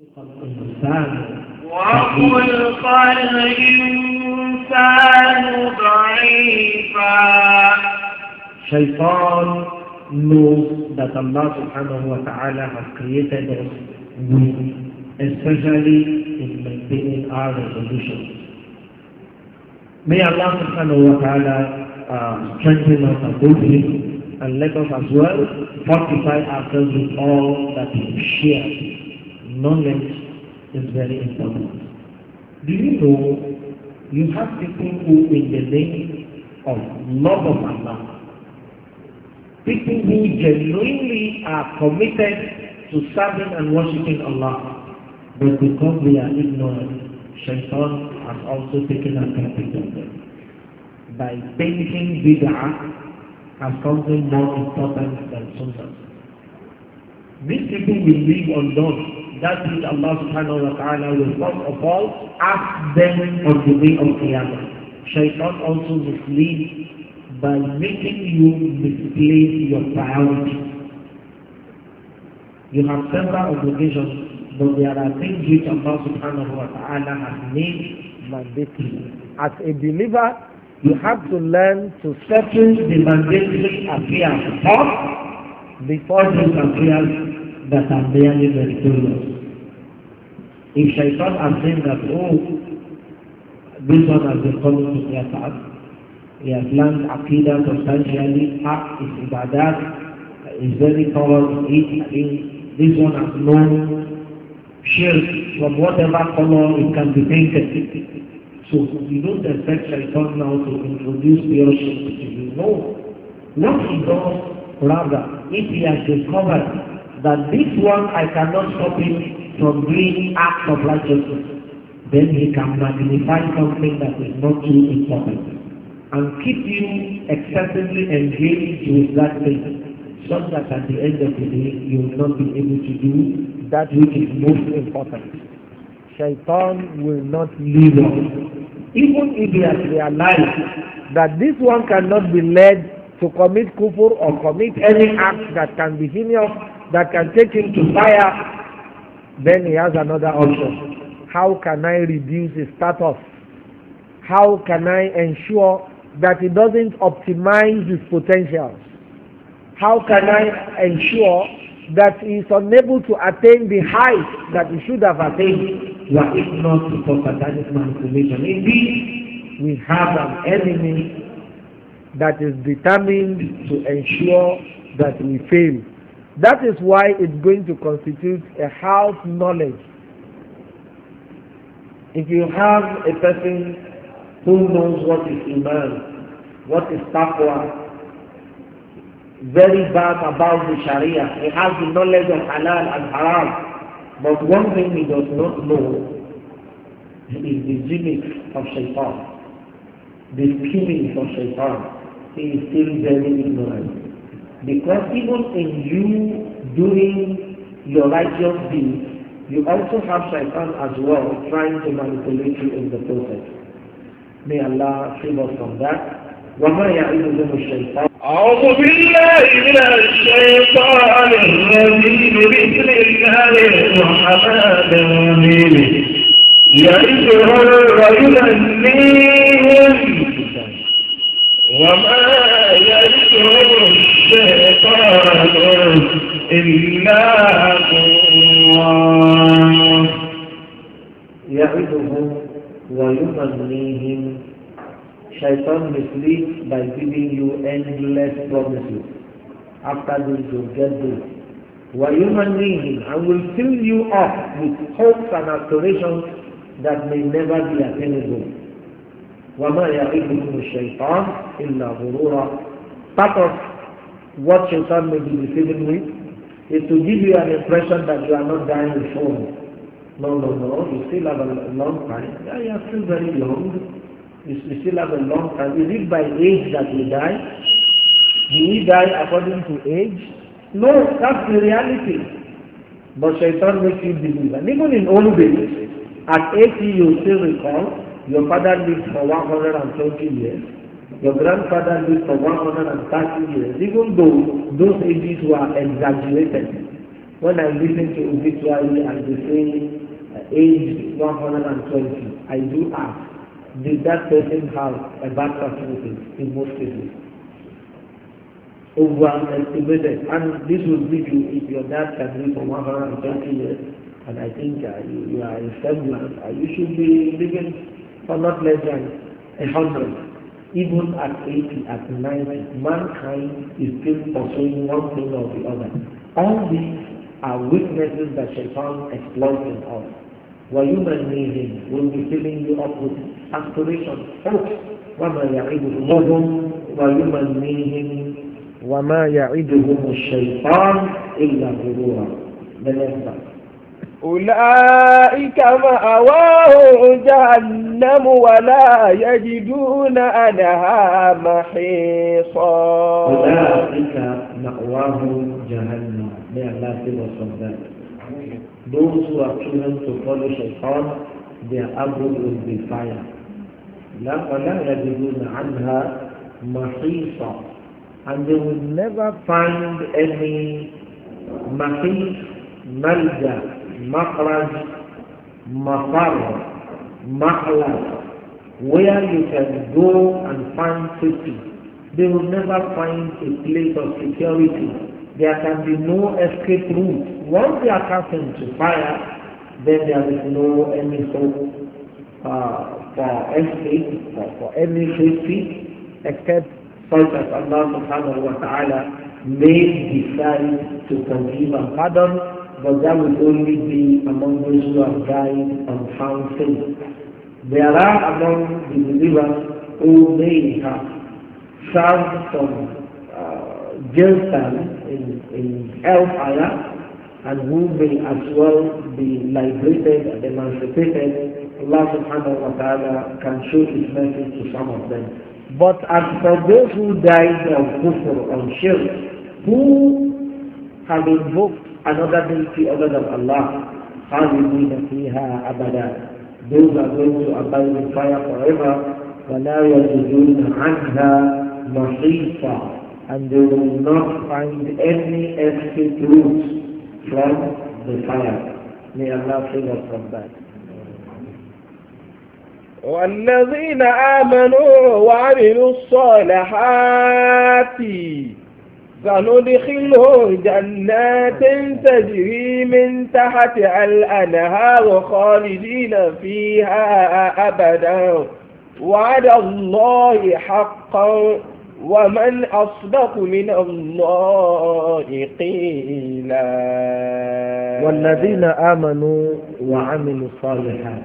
وقل الإنسان ضعيفا Shaitan knows that Allah subhanahu wa ta'ala has created us weak, especially in maintaining our resolutions. May Allah subhanahu wa ta'ala uh, strengthen us and build him and let us as well fortify ourselves with all that he shares knowledge is very important. Do you know you have people who in the name of love of Allah, people who genuinely are committed to serving and worshipping Allah, but because they are ignorant, shaitan has also taken advantage of them by painting bid'ah as something more important than sunnah. These people will live on those that is Allah subhanahu wa ta'ala will first of all ask them on the way of Qiyamah. Shaitan also misleads by making you misplace your priority. You have several obligations, but there are things which Allah subhanahu wa ta'ala has made mandatory. As a believer, you have to learn to settle the mandatory affairs first before you can affairs that are merely meritorious. If shaitan has seen that, oh, this one has been coming to prayer he has learned Aqidah substantially, act is ibadat, is very thorough it, this one has no shirk from whatever color it can be painted. So you don't expect shaitan now to introduce the shirk to you. No. What he does, rather, if he has discovered that this one I cannot stop him from doing acts of righteousness, then he can magnify something that is not too important and keep you excessively engaged with that thing so that at the end of the day you will not be able to do that which is most important. Shaitan will not leave us. Even if we realize realized that this one cannot be led to commit kufur or commit any act that can be heinous that can take him to fire, then he has another option. How can I reduce his status? How can I ensure that he doesn't optimize his potentials? How can I ensure that he is unable to attain the height that he should have attained? Were it not for that manipulation. Indeed, we have an enemy that is determined to ensure that we fail. That is why it's going to constitute a house knowledge. If you have a person who knows what is Iman, what is Taqwa, very bad about the Sharia, he has the knowledge of halal and haram, but one thing he does not know is the gimmick of shaitan, the scheming of shaitan. He is still very ignorant. Because even in you doing your righteous deeds, you also have shaitan as well trying to manipulate you in the process. May Allah save us from that. وما يعيد له أعوذ بالله من الشيطان الرجيم بسم الله الرحمن الرحيم يعيده الرجل النيم وما يعيده الشيطان إلا غرورا يعدهم ويمنيهم Shaitan misleads by giving you endless promises. After this, you'll get this. وَيُمَنِّيهِمْ And will fill you up with hopes and aspirations that may never be attainable. وَمَا يَعِدُكُمُ الشَّيْطَانِ إِلَّا غُرُورًا Part of what Shaytan may be deceiving with is to give you an impression that you are not dying before. No, no, no, you still have a long time. Yeah, you are still very young. You, still have a long time. Is it by age that we die? Do we die according to age? No, that's the reality. But shaitan makes you believe. And even in old age, at 80 you still recall your father lived for 120 years. Your grandfather lived for 130 years, even though those ages were exaggerated. When I listen to obituary uh, and the same uh, age 120, I do ask, did that person have a bad facility in most cases? Overestimated. And this will give you, if your dad can live for 120 years, and I think uh, you, you, are in semblance, uh, you should be living for not less than 100. even at 80, at 90, mankind is still pursuing one thing or the other. All these are weaknesses that Shaitan exploits in us. beings will be filling you up with aspirations, hopes. وَمَا يَعِدُهُمُهُمْ وَيُمَنِّيهِمْ وَمَا يَعِدُهُمُ الشَّيْطَانُ إِلَّا غُرُورًا The next verse. أولئك مأواه جهنم ولا يجدون أنها محيصا أولئك مأواه جهنم لألاف وصدق Those who are chosen to follow Shaitan, their لا will be ولا يجدون عنها محيصا and they will never find any محيص ملجأ مخرج مقر مخلص where you can go and find safety. They will never find a place of security. There can be no escape route. Once they are cast to fire, then there is no any hope uh, for escape, or for any safety, except such as Allah subhanahu wa ta'ala may decide to forgive and pardon but that would only be among those who have died and found faith. There are among the believers who may have served some uh, jail time in, in hellfire and who may as well be liberated and emancipated. Allah subhanahu wa ta'ala can show his mercy to some of them. But as for those who died of kufr and shirk, who have invoked another deity other than Allah. خالدين فيها أبدا Those are going to abide in fire forever ولا يجدون and they will not find any escape route from the fire. May Allah save us from that. والذين آمنوا وعملوا الصالحات سندخله جنات تجري من تحت الأنهار خالدين فيها أبدا وعد الله حقا ومن أصدق من الله قيلا والذين آمنوا وعملوا الصالحات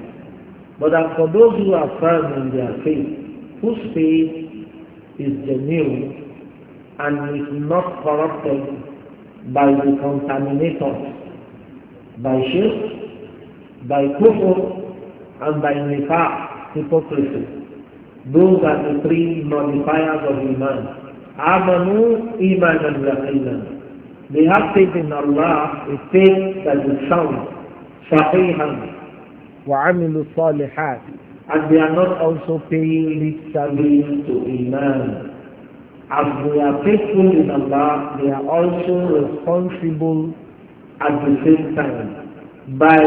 But as for those who are firm in their faith, whose faith is genuine and is not corrupted by the contaminators, by shirk, by kufr, and by nifaq, hypocrisy. Those are the three modifiers of Iman. آمنوا إيمانا يقينا They have faith in Allah, a faith that is sound, صحيحا وعملوا الصالحات and they are not also paying lip service to Iman as they are faithful in Allah, they are also responsible at the same time by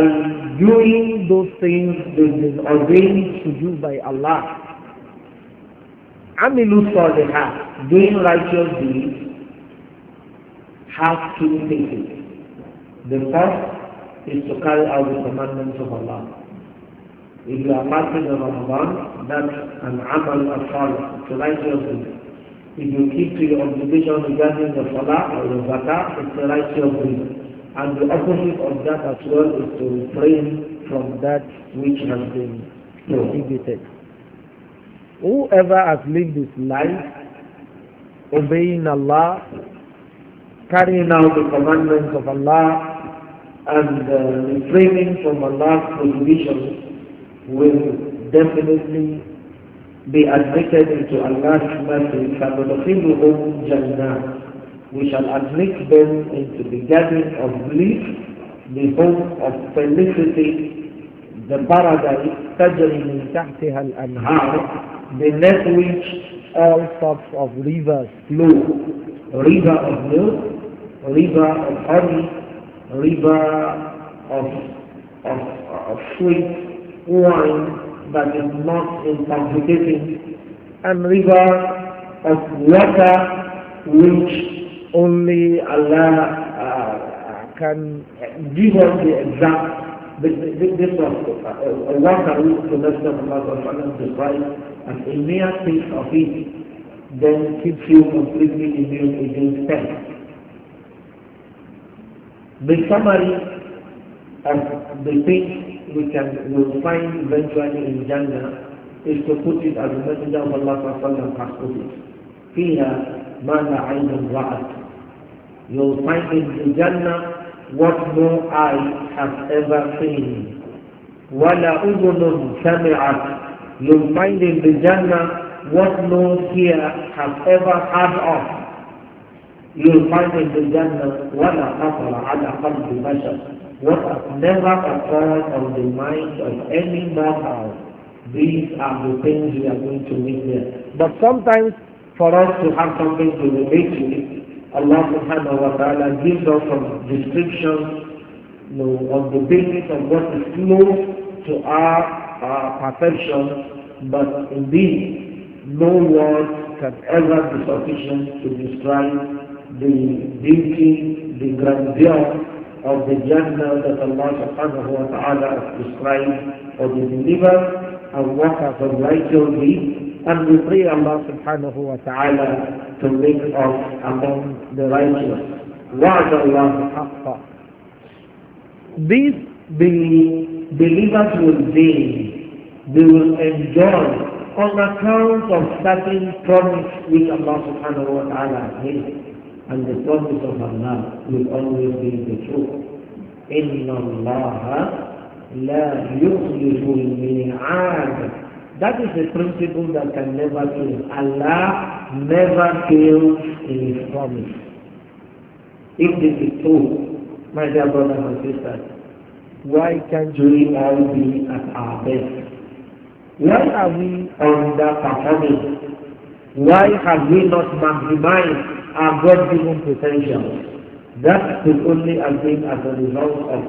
doing those things that is ordained to do by Allah. Amilu Salihah, doing righteous deeds, has two things. The first is to carry out the commandments of Allah. If you are fasting of Ramadan, that's an amal of salah, to righteous deeds. If you keep to your obligation regarding the salah or the zakah, it's the righteous deed. And the opposite of that as well is to refrain from that which has been prohibited. Whoever has lived his life obeying Allah, carrying out the commandments of Allah, and uh, refraining from Allah's prohibitions will definitely be admitted into Allah's mercy, فَنُدْخِلُهُمْ جَنَّةً We shall admit them into the garden of bliss, the home of felicity, the paradise, تَجْرِي مِنْ تَحْتِهَا the Beneath which all sorts of rivers flow. River of milk, river of honey, river of, of, of sweet wine, that is not intoxicating and river of water which only Allah uh, uh, can give us the exact this was a water which the Messenger of Allah described a mere taste of it then keeps you completely immune against death. The summary of the things we can will find eventually in Jannah is to put it as the Messenger of Allah Sallallahu has put it. فيها ما لا عين You'll find in Jannah what no eye has ever seen. ولا أذن سمعت. You'll find in the Jannah what no ear has ever heard of. You'll find in the Jannah ولا خطر ala قلب بشر. what has never occurred on the mind of any mortal. These are the things we are going to meet there. But sometimes for us to have something to relate to, Allah subhanahu wa ta'ala gives us some descriptions you know, on the basis of what is close to our, our perception, but indeed no word can ever be sufficient to describe the beauty, the grandeur of the Jannah that Allah subhanahu wa ta'ala has described, for the believer and what are the righteously and we pray Allah subhanahu wa ta'ala to make us among the righteous. وعد الله حقا These believers will gain, they will enjoy on account of certain promise which Allah subhanahu wa ta'ala made. and the promise of Allah will always be the truth. إِنَّ اللَّهَ لَا يُخْلِفُ الْمِيعَادَ That is a principle that can never fail. Allah never fails in His promise. If this is true, my dear brothers and sisters, why can't we all be at our best? Why are we underperforming? Why have we not maximized are God-given potential. that could only have been as a result of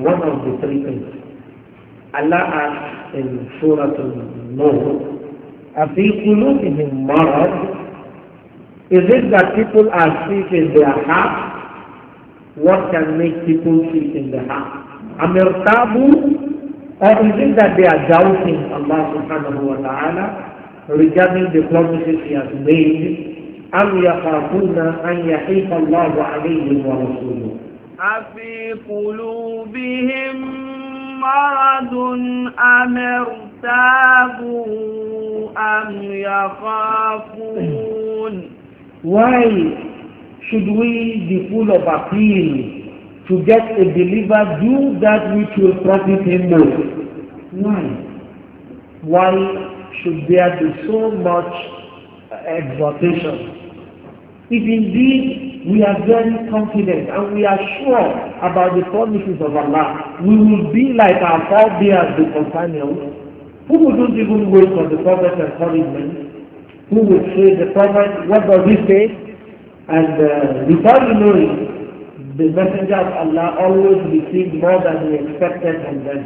one of the three things. Allah asked in Surah Al-Nur, in قُلُوبِهِمْ مَرَضٍ Is it that people are sick in their heart? What can make people sick in their heart? Tabu, Or is it that they are doubting Allah subhanahu wa ta'ala regarding the promises He has made أم يخافون أن يحيف الله عليهم ورسوله أفي قلوبهم مرض أم ارتابوا أم يخافون Why should we be full of appeal to get a deliver do that which will profit him most? Why? Why should there be so much exhortation? If indeed we are very confident and we are sure about the promises of Allah, we will be like our forebears, the companions, who wouldn't even wait for the Prophet's encouragement, who would say, the Prophet, what does he say? And uh, without knowing, the Messenger of Allah always received more than he expected from them.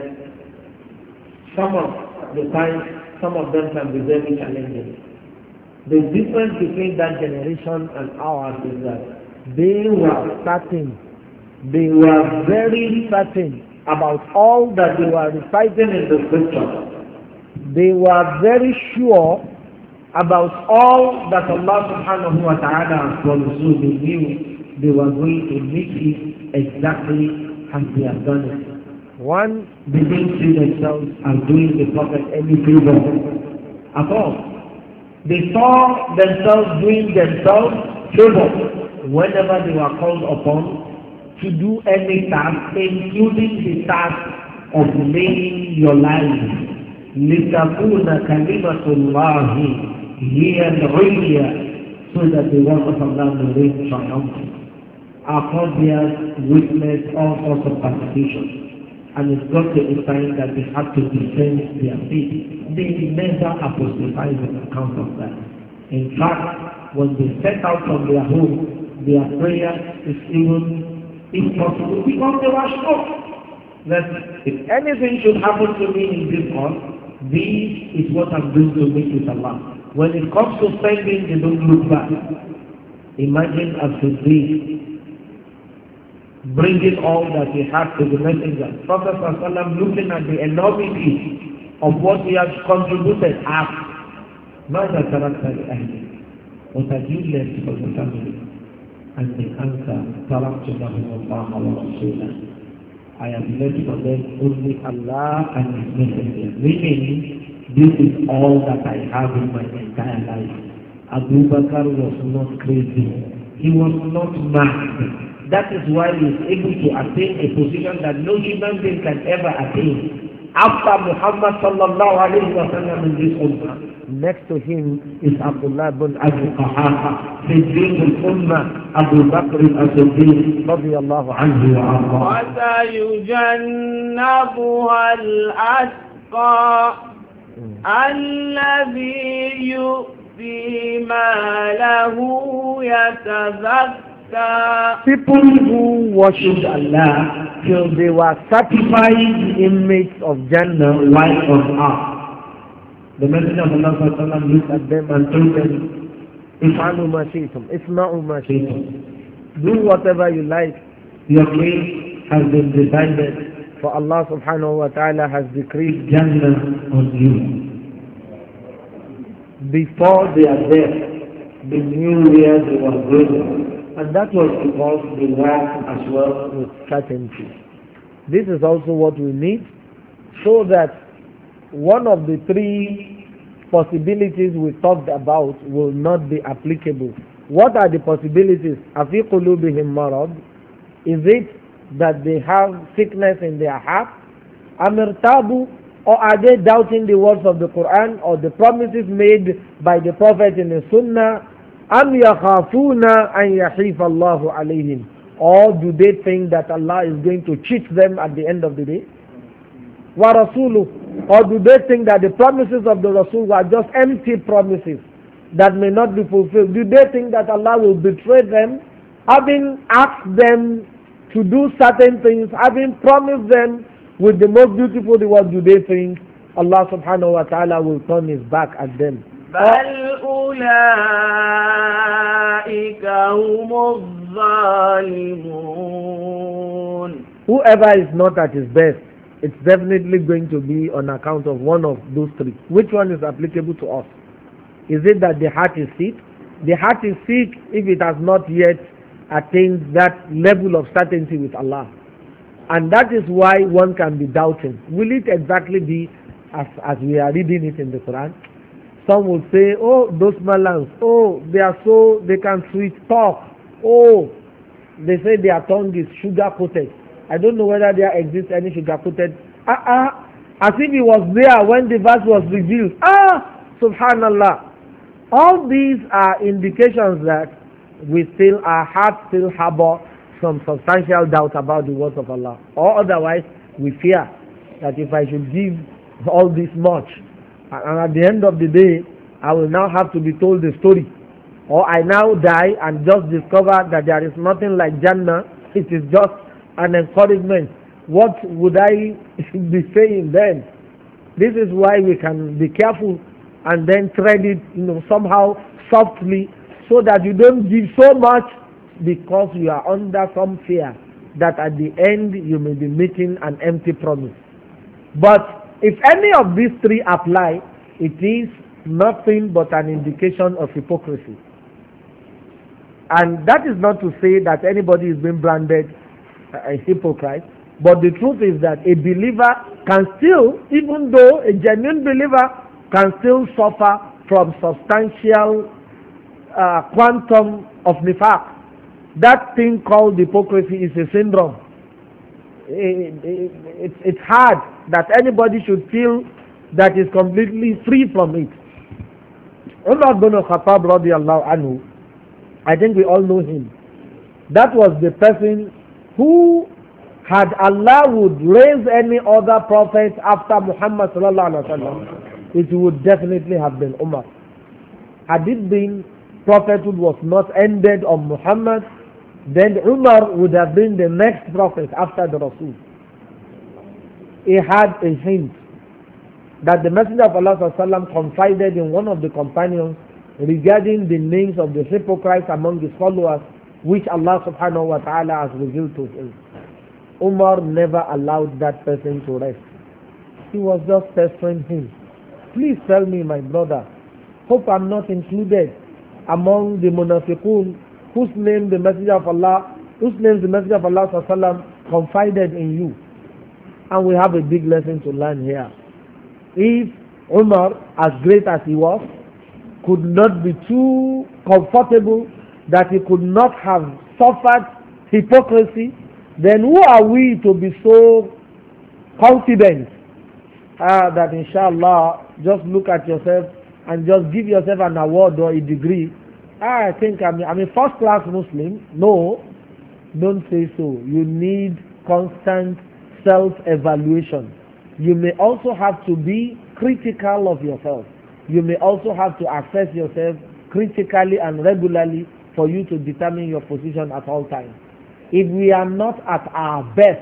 Some of the times, some of them can be very challenging. The difference between that generation and ours is that they were certain, they were very certain about all that they were reciting in the scripture. They were very sure about all that Allah subhanahu wa ta'ala has promised. So they knew they were going to meet it exactly as they have done it. One, they didn't see themselves as doing the Prophet any favor at all. They saw themselves doing themselves favor whenever they were called upon to do any task, including the task of laying your life. لتكون كلمة الله هي العليا so that the word of Allah will reign triumphant. Our courtiers witnessed all sorts of persecution and it's got to the time that they have to defend their faith. They never apostatize on account of that. In fact, when they set out from their home, their prayer is even impossible because they were sure that if anything should happen to me in this world, this is what I'm going to make with Allah. When it comes to spending, they don't look back. Imagine as a bringing all that he had to the messenger. Prophet ﷺ looking at the enormity of what he has contributed as mother تركت لأهلك؟ What have you left for the family? And the answer, تركت لهم الله ورسوله. I have left for them only Allah and His messenger. Meaning, this is all that I have in my entire life. Abu Bakr was not crazy. He was not mad. That is why he is able to attain a position that no human being can ever attain. After Muhammad sallallahu alayhi wa sallam in this ummah, next to him is Abdullah bin Abu Qahaha, Siddiq al-Ummah, Abu Bakr al-Siddiq, radiyallahu anhu wa Allah. وَسَيُجَنَّبُهَا الْأَسْقَى الَّذِي يُؤْتِي مَا لَهُ يَتَذَكَّرُ People who worshipped Allah till they were satisfied inmates of Jannah like on earth. The Messenger of Allah looked at them and told them, Ifanu ma shaytum, Ifna'u ma Do whatever you like. Your case has been decided. For Allah subhanahu wa ta'ala has decreed Jannah on you. Before their death, they knew where they were going. And that was because they work as well with certainty. This is also what we need so that one of the three possibilities we talked about will not be applicable. What are the possibilities? أَفِي Is it that they have sickness in their heart? أَمِرْتَابُ Or are they doubting the words of the Quran or the promises made by the Prophet in the Sunnah am yakhafuna an yahif Allahu alayhim or do they think that Allah is going to cheat them at the end of the day wa Rasulu? or do they think that the promises of the rasul were just empty promises that may not be fulfilled do they think that Allah will betray them having asked them to do certain things having promised them with the most beautiful reward do they think Allah subhanahu wa ta'ala will turn his back at them بل أولئك هم الظالمون Whoever is not at his best, it's definitely going to be on account of one of those three. Which one is applicable to us? Is it that the heart is sick? The heart is sick if it has not yet attained that level of certainty with Allah. And that is why one can be doubting. Will it exactly be as, as we are reading it in the Quran? Some will say, oh, those Malans, oh, they are so, they can sweet talk. Oh, they say their tongue is sugar coated. I don't know whether there exists any sugar coated. Ah, ah, as if it was there when the verse was revealed. Ah, subhanallah. All these are indications that we still, our hearts still harbor some substantial doubt about the words of Allah. Or otherwise, we fear that if I should give all this much, and at the end of the day I will now have to be told the story or I now die and just discover that there is nothing like Jannah it is just an encouragement what would I be saying then this is why we can be careful and then tread it you know somehow softly so that you don't give so much because you are under some fear that at the end you may be making an empty promise but if any of these three apply, it is nothing but an indication of hypocrisy. And that is not to say that anybody is being branded a hypocrite, but the truth is that a believer can still, even though a genuine believer can still suffer from substantial uh, quantum of nifaq. That thing called hypocrisy is a syndrome it's, it's hard that anybody should feel that is completely free from it. Umar bin Khattab radiallahu anhu, I think we all know him. That was the person who had Allah would raise any other prophet after Muhammad sallallahu alaihi wasallam, it would definitely have been Umar. Had it been prophethood was not ended on Muhammad then Umar would have been the next prophet after the Rasul. He had a hint that the Messenger of Allah confided in one of the companions regarding the names of the hypocrites among his followers which Allah subhanahu wa ta'ala has revealed to him. Umar never allowed that person to rest. He was just pestering him. Please tell me, my brother, hope I'm not included among the munafiqun whose name the Messenger of Allah, whose name the Messenger of Allah وسلم, confided in you. And we have a big lesson to learn here. If Umar, as great as he was, could not be too comfortable that he could not have suffered hypocrisy, then who are we to be so confident uh, that inshallah just look at yourself and just give yourself an award or a degree I think I'm, I'm a first class Muslim. No, don't say so. You need constant self evaluation. You may also have to be critical of yourself. You may also have to assess yourself critically and regularly for you to determine your position at all times. If we are not at our best,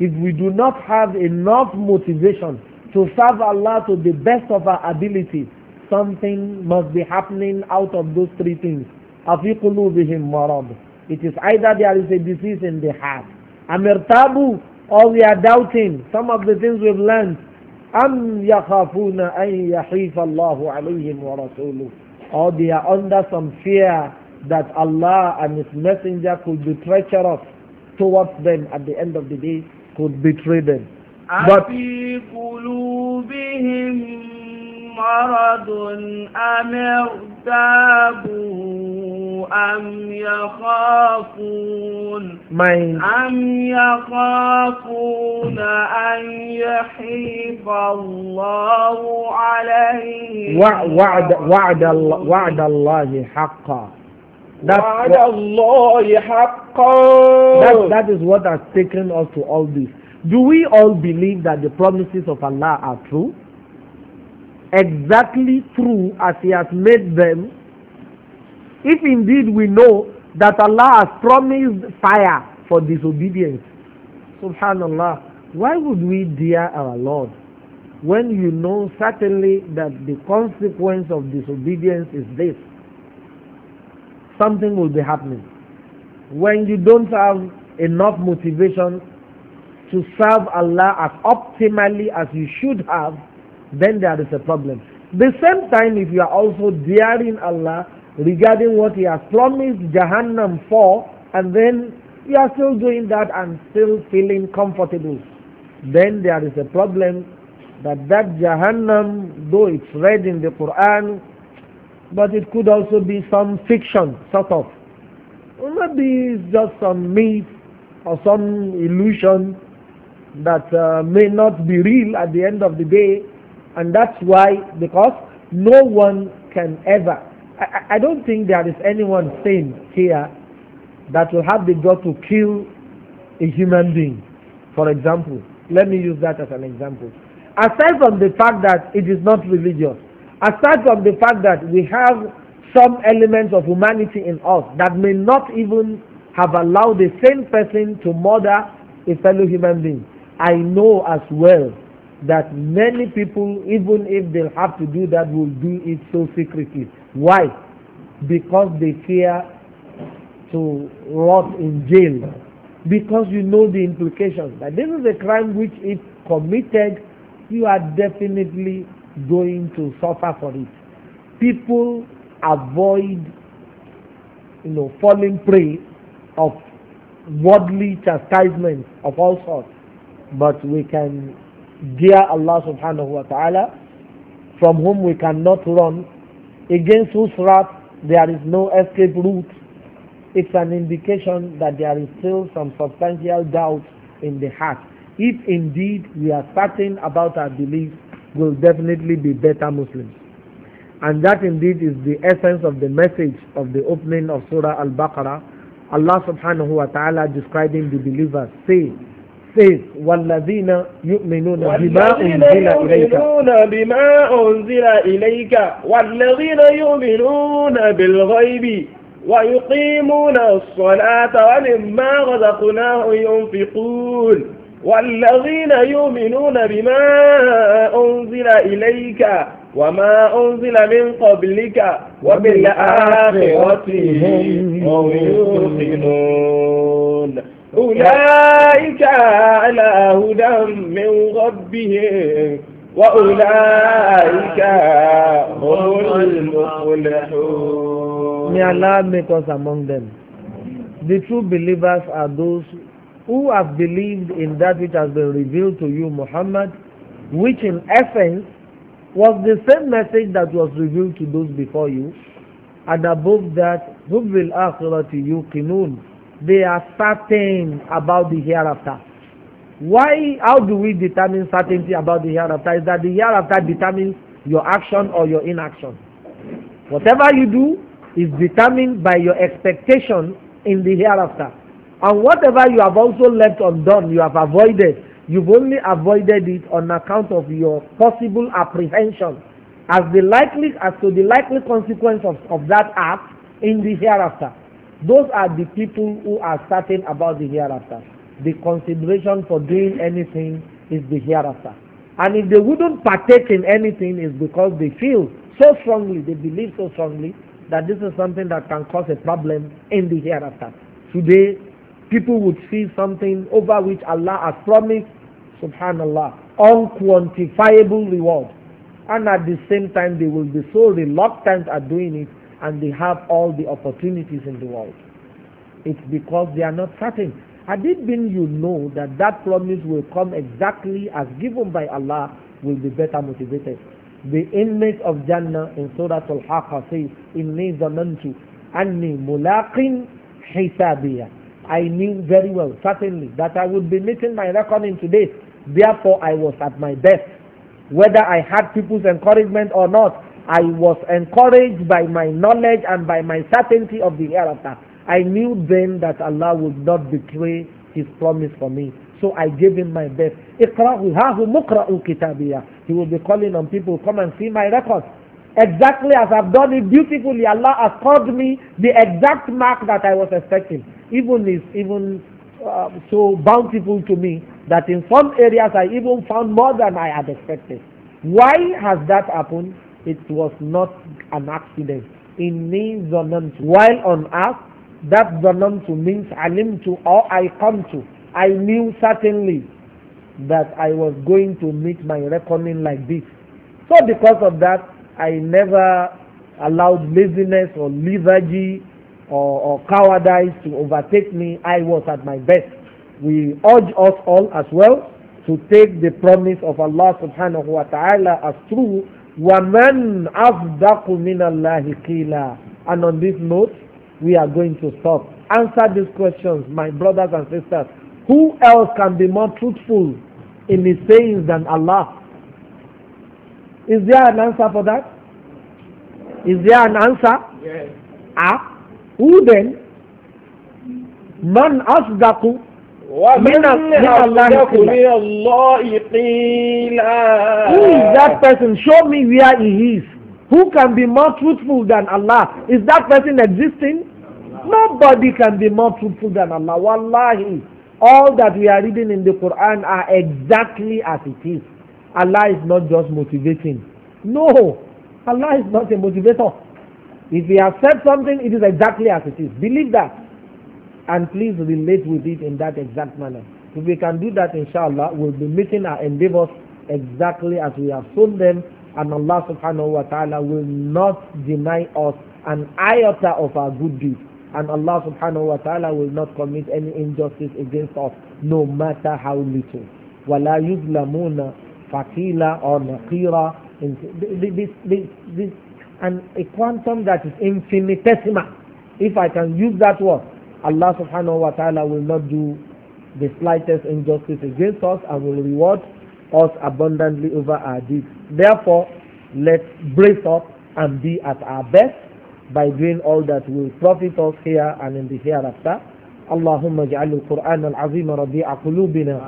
if we do not have enough motivation to serve Allah to the best of our ability, something must be happening out of those three things. It is either there is a disease in the heart. tabu. Or we are doubting some of the things we've learned. أَمْ يَخَافُونَ أَنْ يَحِيفَ اللَّهُ عَلَيْهِمْ وَرَسُولُهُ Or they are under some fear that Allah and His Messenger could be treacherous towards them at the end of the day, could betray them. But, مرض أم ارتابوا أم يخافون أم يخافون أن يحيف الله عليه. وعد, وعد, وعد الله حقا That's what, الله حقا that, that is what has taken us to all this. Do we all believe that the promises of Allah are true? exactly true as he has made them, if indeed we know that Allah has promised fire for disobedience, subhanallah, why would we dare our Lord when you know certainly that the consequence of disobedience is this? Something will be happening. When you don't have enough motivation to serve Allah as optimally as you should have, then there is a problem. The same time, if you are also daring Allah regarding what He has promised Jahannam for, and then you are still doing that and still feeling comfortable, then there is a problem that that Jahannam, though it's read in the Quran, but it could also be some fiction, sort of. maybe it's just some myth or some illusion that uh, may not be real at the end of the day and that's why, because no one can ever, I, I don't think there is anyone sane here that will have the God to kill a human being. For example, let me use that as an example. Aside from the fact that it is not religious, aside from the fact that we have some elements of humanity in us that may not even have allowed the same person to murder a fellow human being, I know as well that many people, even if they have to do that, will do it so secretly. Why? Because they fear to rot in jail. Because you know the implications. That this is a crime which, if committed, you are definitely going to suffer for it. People avoid, you know, falling prey of worldly chastisement of all sorts. But we can dear Allah subhanahu wa ta'ala, from whom we cannot run, against whose wrath there is no escape route, it's an indication that there is still some substantial doubt in the heart. If indeed we are certain about our belief, we'll definitely be better Muslims. And that indeed is the essence of the message of the opening of Surah Al-Baqarah. Allah subhanahu wa ta'ala describing the believers, saying, says والذين يؤمنون بما أنزل إليك يؤمنون بما أنزل إليك والذين يؤمنون بالغيب ويقيمون الصلاة ومما رزقناه ينفقون والذين يؤمنون بما أنزل إليك وما أنزل من قبلك وبالآخرة هم يوقنون أولئك على هدى من ربهم وأولئك هم المفلحون May Allah make us among them. The true believers are those who have believed in that which has been revealed to you, Muhammad, which in essence was the same message that was revealed to those before you, and above that, who will Allah to you, they are certain about the hereafter. Why, how do we determine certainty about the hereafter? Is that the hereafter determines your action or your inaction. Whatever you do is determined by your expectation in the hereafter. And whatever you have also left undone, you have avoided, you've only avoided it on account of your possible apprehension as the likely as to the likely consequence of, of that act in the hereafter. Those are the people who are certain about the hereafter. The consideration for doing anything is the hereafter. And if they wouldn't partake in anything is because they feel so strongly, they believe so strongly that this is something that can cause a problem in the hereafter. Today, people would see something over which Allah has promised, subhanallah, unquantifiable reward. And at the same time, they will be so reluctant at doing it and they have all the opportunities in the world. It's because they are not certain. Had it been you know that that promise will come exactly as given by Allah, will be better motivated. The inmate of Jannah in Surah Al-Haqqa says, إِنِّي ظَنَنْتُ أَنِّي مُلَاقٍ حِسَابِيًا I knew very well, certainly, that I would be meeting my reckoning today. Therefore, I was at my best. Whether I had people's encouragement or not, I was encouraged by my knowledge and by my certainty of the hereafter. I knew then that Allah would not betray His promise for me. So I gave him my best. He will be calling on people, come and see my records. Exactly as I've done it beautifully, Allah has called me the exact mark that I was expecting. Even is even uh, so bountiful to me that in some areas I even found more than I had expected. Why has that happened? it was not an accident. me, zanantu. While on earth, that zanantu means alimtu or I come to. I knew certainly that I was going to meet my reckoning like this. So because of that, I never allowed laziness or lethargy or, or cowardice to overtake me. I was at my best. We urge us all as well to take the promise of Allah subhanahu wa ta'ala as true وَمَنْ أَفْدَقُ مِنَ اللَّهِ قِيلًا And on this note, we are going to stop. Answer these questions, my brothers and sisters. Who else can be more truthful in his sayings than Allah? Is there an answer for that? Is there an answer? Yes. Ah? Who then? Man asdaqu من, Who is that person? Show me where he is. Who can be more truthful than Allah? Is that person existing? Nobody can be more truthful than Allah. Wallahi, all that we are reading in the Quran are exactly as it is. Allah is not just motivating. No, Allah is not a motivator. If He has said something, it is exactly as it is. Believe that and please relate with it in that exact manner. If we can do that, inshallah, we'll be meeting our endeavors exactly as we have shown them, and Allah subhanahu wa ta'ala will not deny us an iota of our good deeds. And Allah subhanahu wa ta'ala will not commit any injustice against us, no matter how little. وَلَا يُظْلَمُونَ فَقِيلًا or نَقِيرًا this, this, this, and a quantum that is infinitesimal. If I can use that word, Allah subhanahu wa ta'ala will not do the slightest injustice against us and will reward us abundantly over our deeds. Therefore, let's brace up and be at our best by doing all that will profit us here and in the hereafter. اللهم اجعل القرآن العظيم ربيع قلوبنا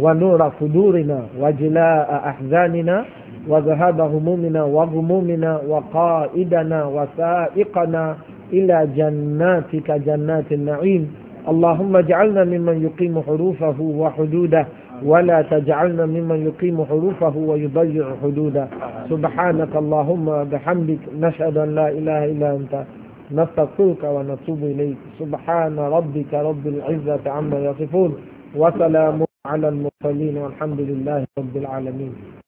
ونور صدورنا وجلاء أحزاننا وذهاب همومنا وغمومنا وقائدنا وسائقنا إلى جناتك جنات النعيم اللهم اجعلنا ممن يقيم حروفه وحدوده ولا تجعلنا ممن يقيم حروفه ويضيع حدوده سبحانك اللهم بحمدك نشهد أن لا إله إلا أنت نستغفرك ونتوب إليك سبحان ربك رب العزة عما يصفون وسلام على المرسلين والحمد لله رب العالمين